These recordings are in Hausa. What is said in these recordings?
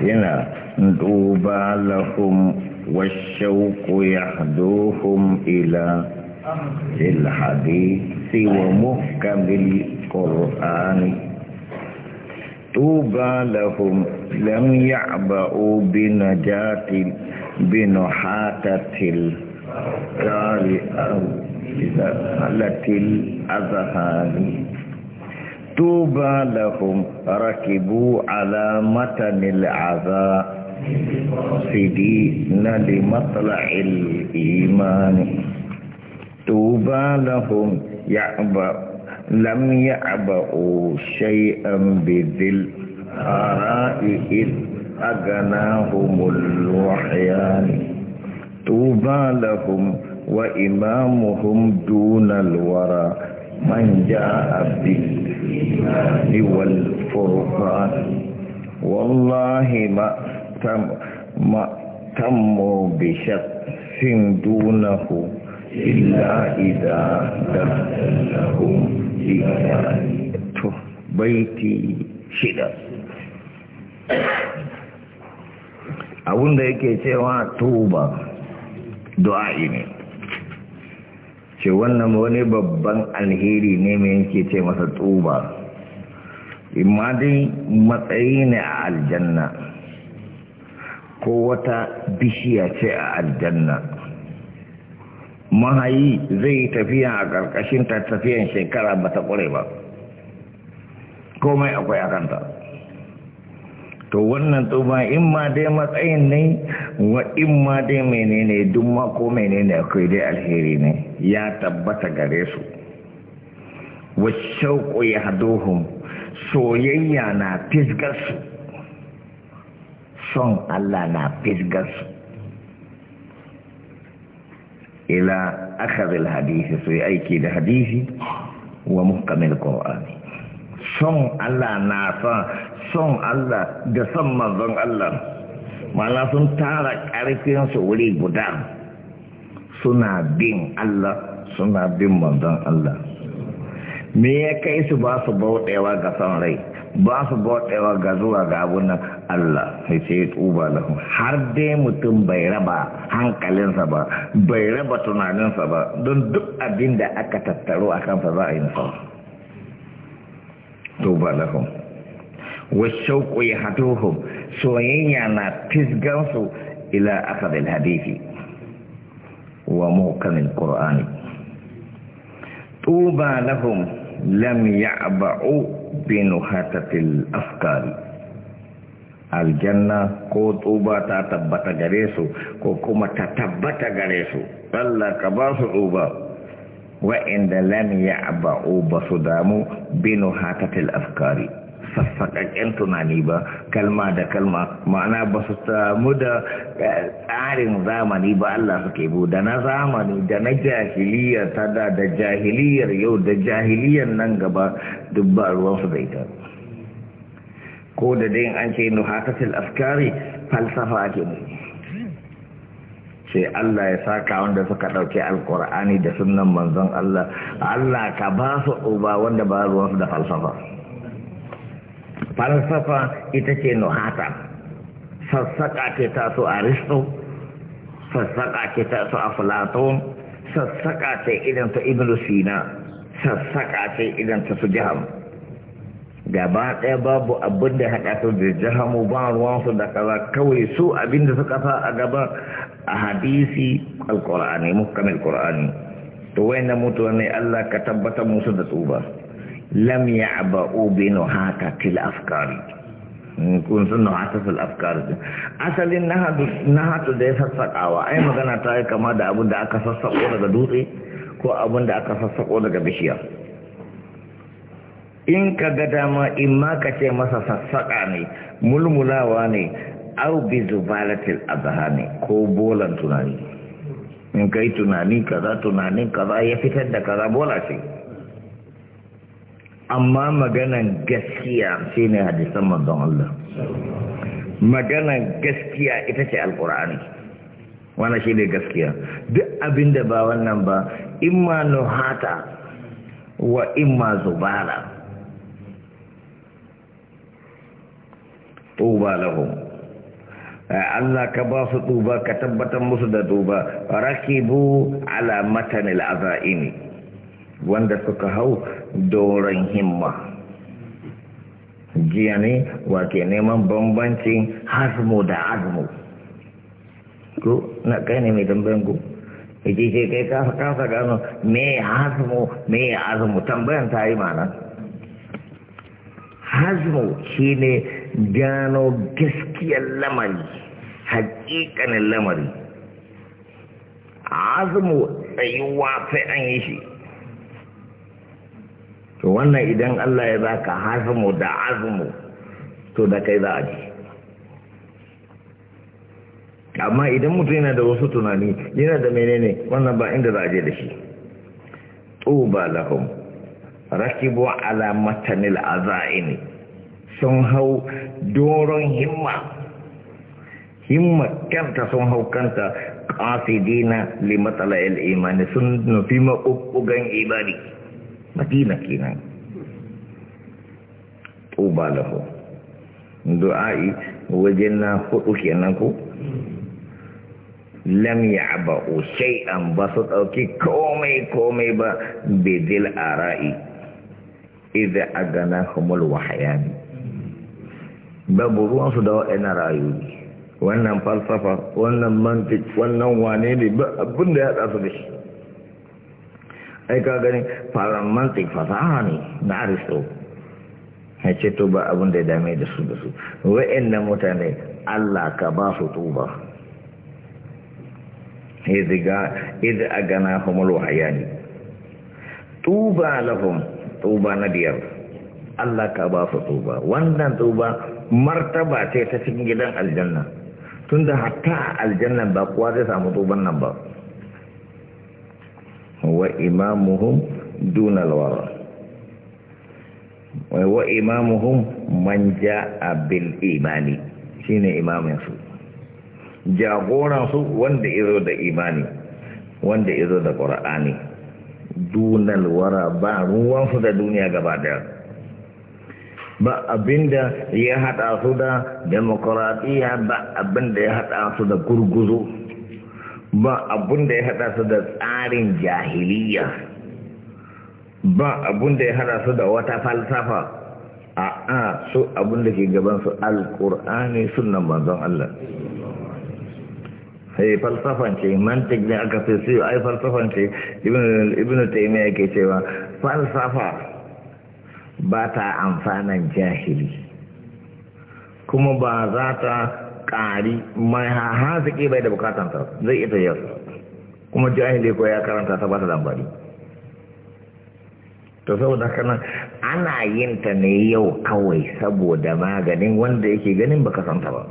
هنا طوبى لهم والشوق يحدوهم إلى الحديث ومحكم القرآن توبى لهم لم يعبأوا بنجاة بنحاتة الدار أو إذا الأذهان طوبى لهم ركبوا على متن العذاب سيدين لمطلع الإيمان طوبى لهم يعبأ لم يعبأوا شيئا بذل آراء إذ أغناهم الوحيان طوبى لهم وإمامهم دون الورى من جاء بالله والفرقان والله ما تم ما تم بشخص دونه إلا إذا دخله إيمانته بيتي شدة abun da yake توبة دعائي ce wannan wani babban alheri ne mai yake ce masa tsuba imma dai matsayi ne a aljanna ko wata bishiya ce a aljanna mahayi zai yi tafiya a ƙarƙashin ta tafiyan shekara ba ta ƙure ba komai akwai a kanta to wannan tsoma in ma dai matsayin ne wa in ma dai menene duk ma ko menene akwai dai alheri ne ya tabbata gare su wa shauqu yahduhum soyayya na fisgar su son Allah na fisgar su ila akhadhil hadisi su aiki da hadisi wa muhkamil qur'ani son Allah na son son Allah da son manzon Allah mana sun tara ƙarfinsu wuri guda suna bin Allah suna bin manzon Allah me ya kai su ba su bauɗewa ga son rai ba su bauɗewa ga zuwa ga abunan Allah sai sai tuba lahum har dai mutum bai raba hankalinsa ba bai raba tunaninsa ba don duk abin da aka tattaro a kansa za a yi nasa tuba lahum والشوق يحتوهم سوين يعنى تزقوسوا إلى أخذ الحديث وموقع القرآن طوبى لهم لم يعبعوا بنهاة الأفكار الجنة كو طوبى تتبت غريسو كو كما تتبت غريسو فلا كباس طوبى وإن لم يعبعوا بصدامو بنهاة الأفكار sassaƙaƙen tunani ba kalma da kalma ma'ana ba su samu da eh, tsarin zamani ba Allah suke bu da na zamani da na jahiliyar ta da da jahiliyar yau da jahiliyar nan gaba duk ba ruwansu da ita ko da dai an ce nuhatatul askari falsafa ake ne sai Allah ya saka wanda suka ɗauki alkur'ani da sunan manzon Allah Allah ka ba su uba wanda ba ruwansu da falsafa falsafa ita ce nuhata sassaƙa ce ta su aristo sassaƙa ce ta su a fulato sassaƙa ce idan ta ibn sina sassaƙa ce idan ta su jiham gaba ɗaya babu abin da haɗa su da jihamu ba ruwansu da kaza kawai su abin da suka sa a gaba a hadisi alƙur'ani mukamil ƙur'ani to wayan mutuwa ne Allah ka tabbatar musu da tsuba lam ya'ba'u bi nuhatatil afkari kun san afkari asalin nahatu da ya sassaƙawa ai magana ta yi kama da abin da aka sassaƙo daga dutse ko abin da aka sassaƙo daga bishiya in ka ga dama in ma ka ce masa sassaƙa ne mulmulawa ne au bi zubalatil ne, ko bolan tunani in kai tunani kaza tunanin kaza ya fitar da kaza bola ce amma maganan gaskiya shi ne hadisan manzon Allah maganan gaskiya ita ce alkur'ani wannan shi ne gaskiya duk abin da ba wannan ba imma nuhata wa imma zubara tuba lahum eh, Allah ka ba su tuba ka tabbatar musu da tuba rakibu ala matanil azaimi wanda suka hau doron himma jiya ne wake neman bambancin hasmu da azmu ko na kai ne mai tambayan ku yake ce kai kasa gano me hasmu me azmu tambayan ta yi mana hasmu ne gano gaskiyar lamari hakikanin lamari azmu tsayuwa sai an yi shi to wannan idan Allah ya za baka mu da azumu to da kai za a ji amma idan mutum yana da wasu tunani yana da menene wannan ba inda za a je da shi tuba lahum rakibu ala matanil azaini sun hau doron himma himma kanta sun hau kanta qasidina li matsala'il imani sun nufi maƙuƙugan ibadi madina kenan tuba lahu du'a'i wajen na hudu kenan ku lam ya'ba'u shay'an ba su dauki komai komai ba bidil ara'i idza aganahumul wahyani babu ruwan su da wa'annan ra'ayoyi wannan falsafa wannan mantik wannan wane ne ba abin da ya tsasu da shi ai ka gani faran mantik fasaha ne na aristo ya ce to abin da ya dame da su da su wa'annan mutane Allah ka ba su tuba Idan a gana humul ne tuba lafin tuba na biyar Allah ka ba su tuba wannan tuba martaba ce ta cikin gidan aljanna tunda hatta aljanna ba kowa zai samu tuban nan ba wa imamuhum dunal wara wa imamuhum man ja'a bil imani shine imamin su jagoran su wanda izo da imani wanda izo da qur'ani dunal wara ba ruwan su da duniya gaba daya ba abinda ya hada su da demokradiya ba abinda ya hada su da gurguzu. ba abun da ya hada su da tsarin jahiliya ba abun da ya hada su da wata falsafa a a su abun da ke gabansu alkur'ani sunan manzon Allah sai falsafan ce mantik ne aka fi su ai falsafan ce ibn taimiyya yake cewa falsafa ba ta amfanan jahili kuma ba za ta ƙari mai haziki bai da bukatansa zai ita yau kuma jahili ko ya karanta ta ba ta lambari to saboda kana ana yin ta ne yau kawai saboda maganin wanda yake ganin ba santa ba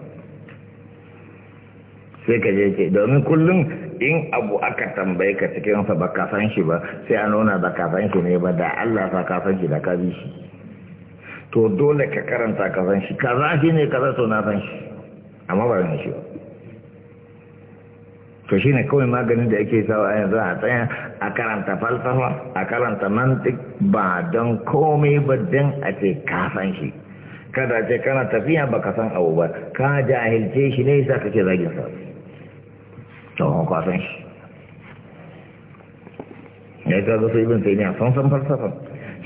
sai ka je ce domin kullum in abu aka tambaye ka cikin sa baka san shi ba sai a nuna baka san shi ne ba da Allah ya ka san shi da ka bi shi to dole ka karanta ka san shi kaza shi ne kaza to na san shi amma ba ran shi ba to shi ne kawai maganin da ake sawa yanzu a tsaya a karanta falsafa a karanta mantik ba don komai ba don a ce kasan shi kada ce kana tafiya ba ka san abu ba ka jahilce shi ne sa kake zagin sa to tsohon kasan shi ya ta zafi ibin taimiyya sun san falsafa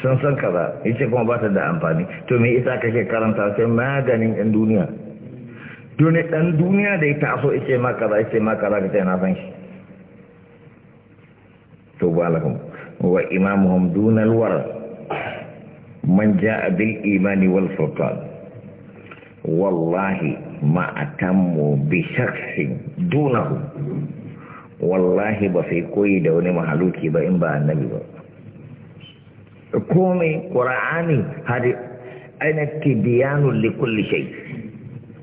sun san kaza ya ce kuma ba ta da amfani to me isa kake karanta sai maganin yan duniya duni dan duniya da ya taso ice ma kaza ice ma kaza ka ce na san shi to ba lahum wa imamuhum dunal wara man jaa bil imani wal furqan wallahi ma atammu bi shakhsin dunahu wallahi ba sai koyi da wani mahaluki ba in ba annabi ba komai qur'ani har ainihin tibyanu li kulli shay'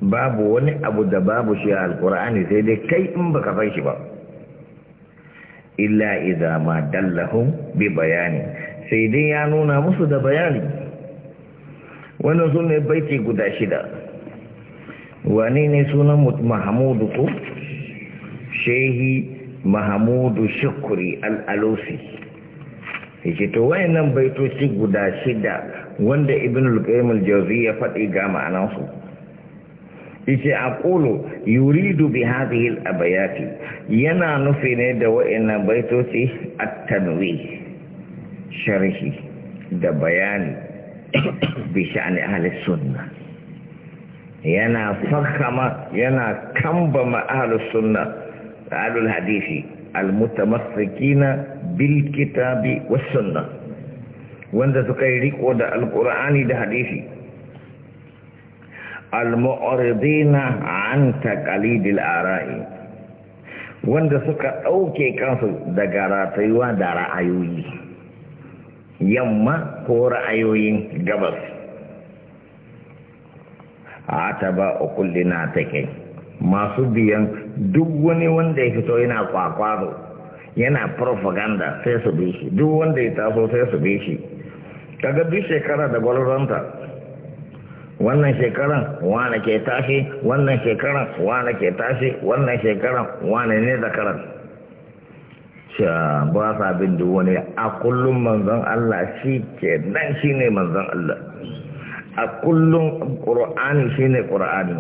babu wani abu da babu shi a alkur'ani sai dai kai in baka san shi ba illa idza ma dallahum bi bayani sai dai ya nuna musu da bayani wannan sunne baiti guda shida wani ne sunan Mahamudu ko shehi Mahamudu shukuri al-alusi yake to wayannan baitoci guda shida wanda ibn al-qayyim al jawziyya ya faɗi ga ma'anansu yace aqulu yuridu bi hadhihi al yana nufi ne da wa'annan baitoci at-tanwi sharhi da bayani bi sha'ni ahli sunna yana fakama yana kambama ahli sunna ahli hadisi al-mutamassikina bil kitabi was sunna wanda suka yi riko da alqur'ani da hadisi al-mu'ridina an taqalidil ara'i wanda suka dauke kansu daga ra'ayuwa da ra'ayoyi yamma ko ra'ayoyin gabas ataba ukullina take masu biyan duk wani wanda ya fito yana kwakwaro yana propaganda sai su bi shi duk wanda ya taso sai su bi shi kaga duk shekara da gwalwanta wannan shekaran wane ke tashi wannan shekaran wane ke tashi wannan shekaran wane ne zakaran sha ba sa bin duk wani a kullum manzon Allah shi ke nan shi ne manzon Allah a kullum ƙur'ani shi ne ƙur'ani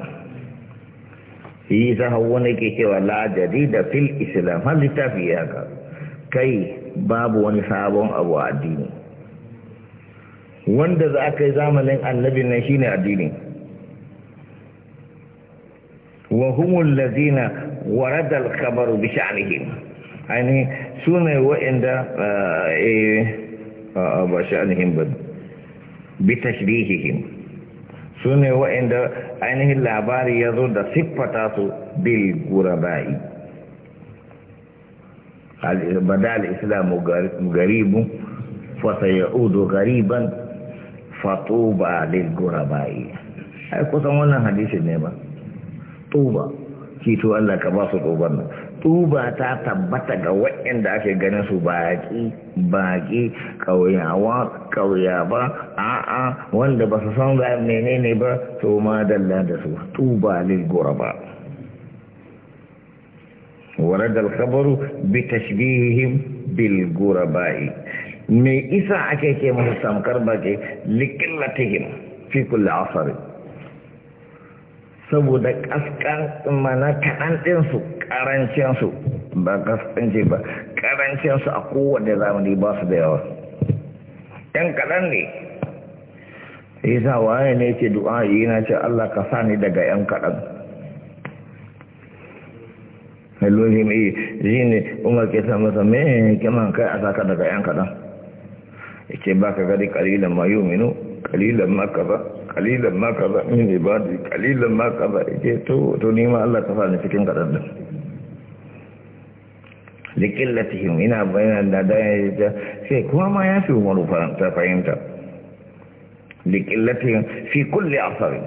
shi ta ne ke cewa la da fil islam har littafi ya ka kai babu wani sabon abu a addini wanda za a kai zamanin annabi nan shine addini wa humul ladina warada al-khabaru bi sha'nihim yani sune wa'inda eh ba sha'nihim ba bi tashrihihim sune wa'inda ainihin labari ya zo da siffata su bil gurabai al-badal islamu garibun fa sayaudu gariban fatuba lil gurabai ai kusan wannan hadisi ne ba tuba kito Allah ka ba su tuban nan tuba ta tabbata ga waɗanda ake ganin su baƙi baƙi ƙauyawa ƙauya ba a'a wanda ba su san ga menene ba to ma dalla da su tuba lil guraba ورد الخبر بتشبيههم بالغرباء me isa ake ce musu samkar baki liƙillatihim fi kulli asari saboda kaskan mana kaɗan ɗinsu ƙarancinsu ba kaskanci ba ƙarancinsu a kowane zamani ba su da yawa ɗan kaɗan ne isa waye ne ce du'a yi na ce Allah ka sa ni daga ‘yan kaɗan’ mai lori mai yi ne umar ke sa masa mai kaman kai a saka daga yan kaɗan ba ka gari kalilan ma yu'minu kalilan ma ba kalilan ma ne min da kalilan ma ba yace to to ni ma Allah ka fara cikin kadan likin latihim ina bayanan da da sai kuma ma ya fi umaru faranta fahimta latihim fi kulli asarin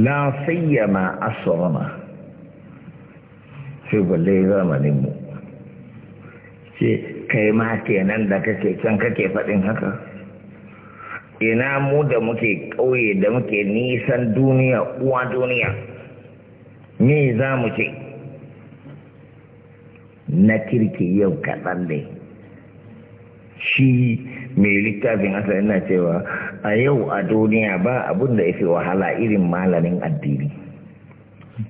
la sayyama asrama sai balle zamanin mu ce kai ma kenan da kake can kake faɗin haka ina mu da muke ƙauye da muke nisan duniya uwa duniya me za mu ce na kirki yau kaɗan ne shi mai littafin asa yana cewa a yau a duniya ba abin da ya fi wahala irin malamin addini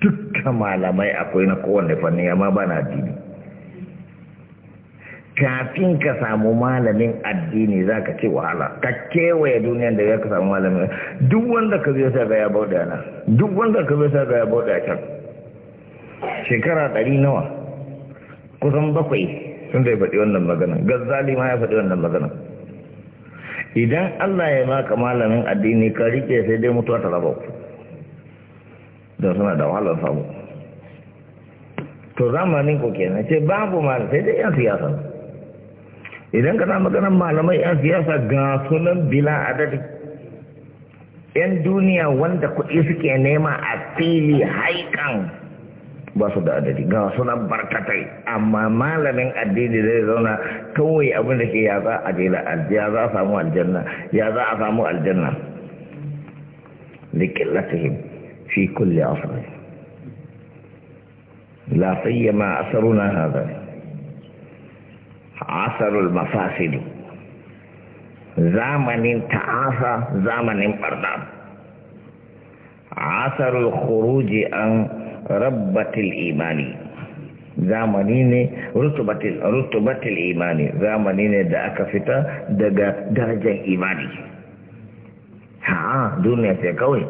dukkan malamai akwai na kowane fanni amma ba na addini kafin ka samu malamin addini za ka ce wahala ka kewaye duniyan da ya ka samu malamin duk wanda ka zai sa ga ya bauɗe a nan duk wanda ka zai sa ga ya a can shekara ɗari nawa kusan bakwai sun da ya faɗi wannan magana gazzali ma ya faɗi wannan magana idan Allah ya maka malamin addini ka riƙe sai dai mutuwa ta raba ku don suna da wahalar samu to zamanin ku kenan ce babu malamin sai dai yan siyasa idan kana magana malamai 'yan siyasa ga sunan bila adadi 'yan duniya wanda kuɗi suke nema a fili haikan ba su da adadi ga sunan barkatai amma malamin addini zai zauna kawai abin da ke ya za a ya za a samu aljanna ya za a samu aljanna latihim fi asirai asali ma asaruna hazari asarul mafasidu zamanin ta'asa zamanin barna asarul khuruji an rabbatil imani zamani ne rutubatil imani zamani ne da aka fita daga darajar imani ha duniya ce kawai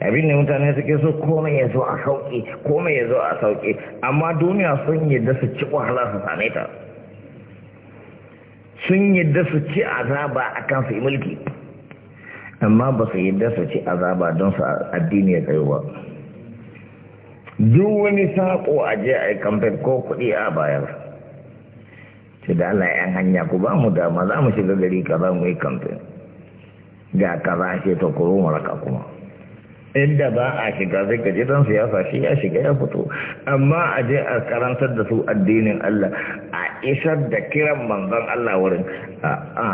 abin da mutane suke so komai ya zo a sauƙi komai ya zo a sauƙi amma duniya sun yi da su ci wahala su same ta sun yadda su ci azaba a kan su mulki amma ba su yadda su ci azaba don su addini ya tsayo ba duk wani saƙo a je a yi kamfen ko kuɗi a bayar ce da Allah yan hanya ku ba mu dama za mu shiga gari kaza mu yi kamfen ga kaza ce ta kuro maraka kuma inda ba a shiga zai gaji don siyasa shi ya shiga ya fito amma a je a karantar da su addinin Allah a isar da kiran manzan Allah wurin a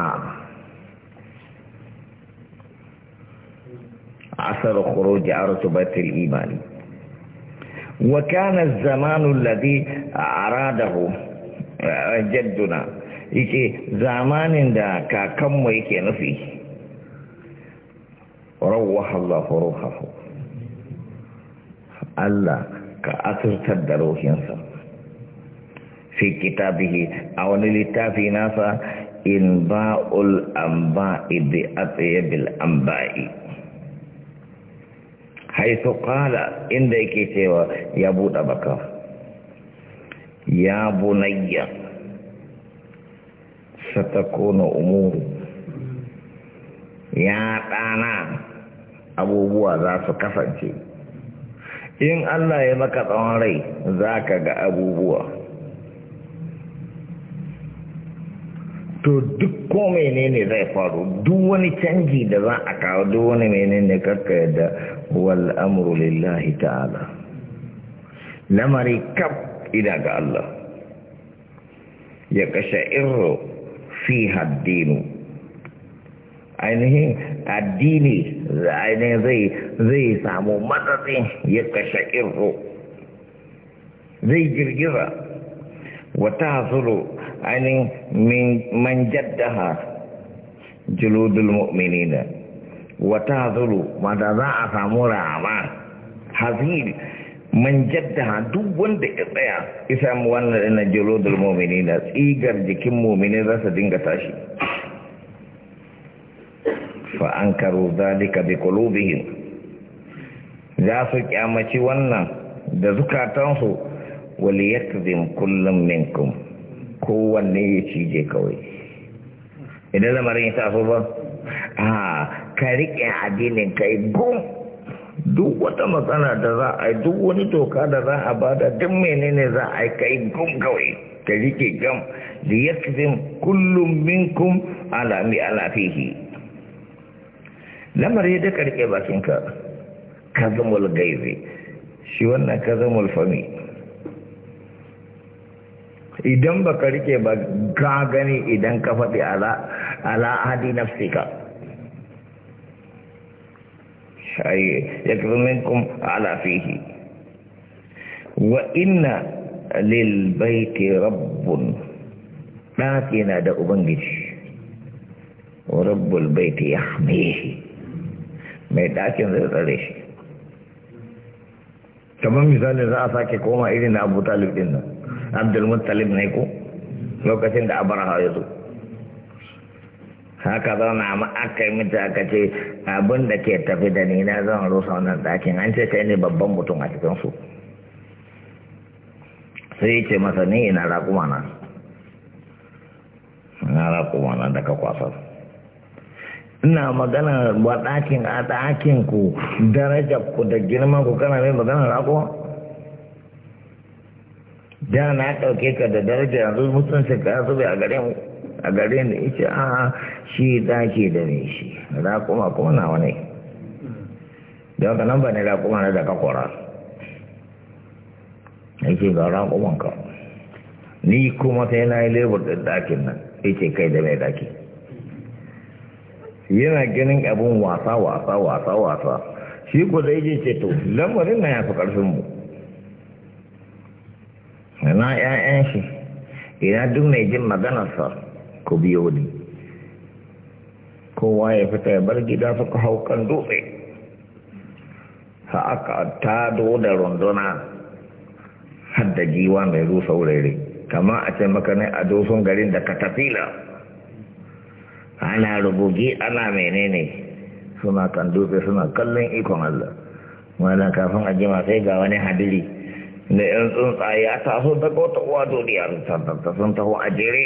asar kuro ji a rutubatul imani wakanar zamanin lade a radahu a jadduna yake zamanin da kakanmu yake nufi rawuwa hallahu rufafu Allah ka asirtar da rohinsa fi kitabihi a wani littafi nasa in ba'ul amba'i bi atsayabil amba'i haisu kala inda yake cewa ya buɗe baka ya bunayya kona umuru ya ɗana abubuwa za su kasance in Allah ya maka tsawon rai za ka ga abubuwa to duk ko menene zai faru duk wani canji da za a kawo duk wani menene kakka yadda wal amru lillahi ta'ala lamari kaf ida ga Allah ya kashe irro fi haddinu ainihin addini ainihin zai samu matsatsin ya kashe irro zai girgira wata zuru aning man manjaddaha juludul mu'minina wata zuru wanda za a samu hazir man duk wanda ya tsaya isa mu wannan ina juludul mu'minina tsigar jikin mu'mini za su dinga tashi fa an zalika bi qulubihim za su kyamaci wannan da zukatansu wal yakzim kullum minkum kowanne ya cije kawai idan lamarin ya tafi ba a ka riƙe addinin ka yi gun duk wata matsala da za a yi duk wani toka da za a bada duk menene za a yi ka yi gun kawai ka riƙe gam da ya kullum minkum alami alafihi lamarin da ka riƙe bakinka ka zama gaizi. shi wannan ka zama fami idan baka rike ba ka gani idan ka faɗi ala ala Ya nafsika shay yakzuminkum ala fihi wa ina lil baiti rabbun ɗaki na da ubangiji wa rabbul baiti yahmihi mai ɗakin zai tsare shi kamar misali za a sake koma irin na abu talib ɗin nan abdulmuttalib ne ko lokacin da abraha ya zo haka zauna ma aka yi mita aka ce abin da ke tafi da ni na zan rusa wannan ɗakin an ce kai ne babban mutum a cikin su sai ya ce masa ni ina raƙuma na na raƙuma na daga kwasar ina magana wa ɗakin a ɗakin ku darajar ku da girman ku kana mai magana raƙuma da na ɗauke ka da daraja yanzu mutuncin ka zube a gare mu a gare da ce a shi ke da ne shi raƙuma kuma na wani da wata nan ba ne raƙuma na daga kwara ce ga raƙuman ka ni kuma sai na yi lebur da ɗakin nan ce kai da mai ɗaki yana ganin abin wasa wasa wasa wasa shi ko da yake ce to lamarin na ya fi ƙarfin mu na ‘ya'yan shi ina duk mai jin maganarsa ku biyo ni kowa ya fita ya bar gida suka hau kan dutse sa ta da runduna hadda giwa mai rusa wurare kama a ce maka ne a dusun garin da katafila ana rubugi ana menene suna kan dutse suna kallon ikon Allah wannan kafin a jima sai ga wani hadiri da yan tsuntsaye a taso daga wata uwa duniya ta sun taho a jere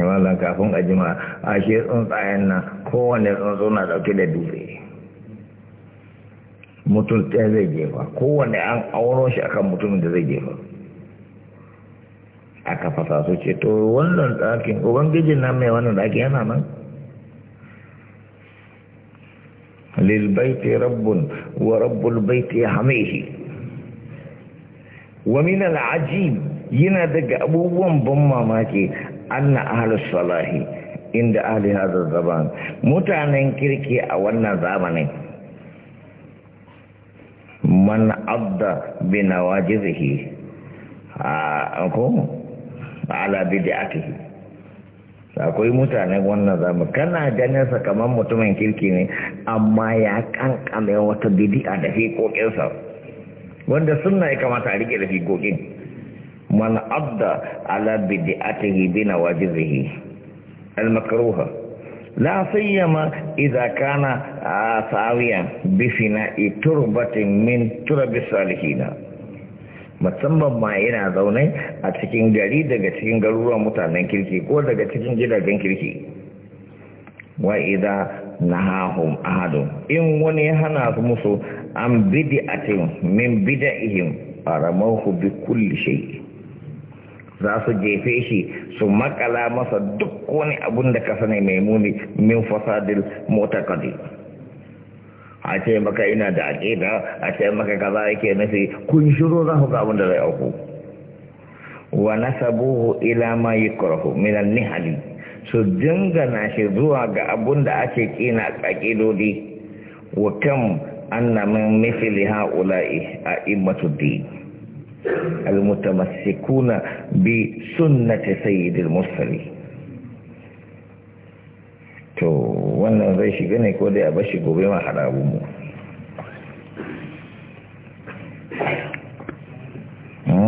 wala kafin a jima a shi tsuntsayen nan kowane tsuntsu na dauke da dutse mutum ɗaya zai jefa kowane an auro shi akan mutumin da zai jefa aka fasa su ce to wannan ɗakin ubangijin nan mai wannan ɗakin yana nan للبيت رب ورب البيت يحميه ومن العجيب ينادق أبوهم بما ماكي أن أهل الصلاة عند أهل هذا الزمان متعنين كيركي أولنا زامنين man abda binawajizihi a ko ala bid'atihi akwai mutanen wannan zamu kana ganin sa kamar mutumin kirki ne amma ya kankame wata bidi'a da fiƙoƙin sa wanda sunna ya kamata a rike da fiƙoƙin man abda ala bid'atihi bina wajibihi al makruha la sayyama idza kana ah, sawiyan bi fina'i turbatin min turabi salihina musamman ma yana zaune a cikin gari daga cikin garuruwan mutanen kirki ko daga cikin gidajen kirki wa idza nahahum ahadun in wani ya hana su musu an bid'atin min bid'ihim aramahu bi kulli shay za su jefe shi su makala masa duk wani abun da ka sani mai muni min fasadil mutaqaddim a ce maka ina da aƙida a ce maka kaza yake nufi kun shiru za ga abin da zai auku wa nasabuhu ila ma yukrahu min al-nihali su dingana shi zuwa ga abun da ake kina aƙidodi wa kam anna min mithli haula'i a'immatu din bi sunnati sayyidil mursalin to wannan zai shiga ne ko dai a shi gobe ma hada mu hmm?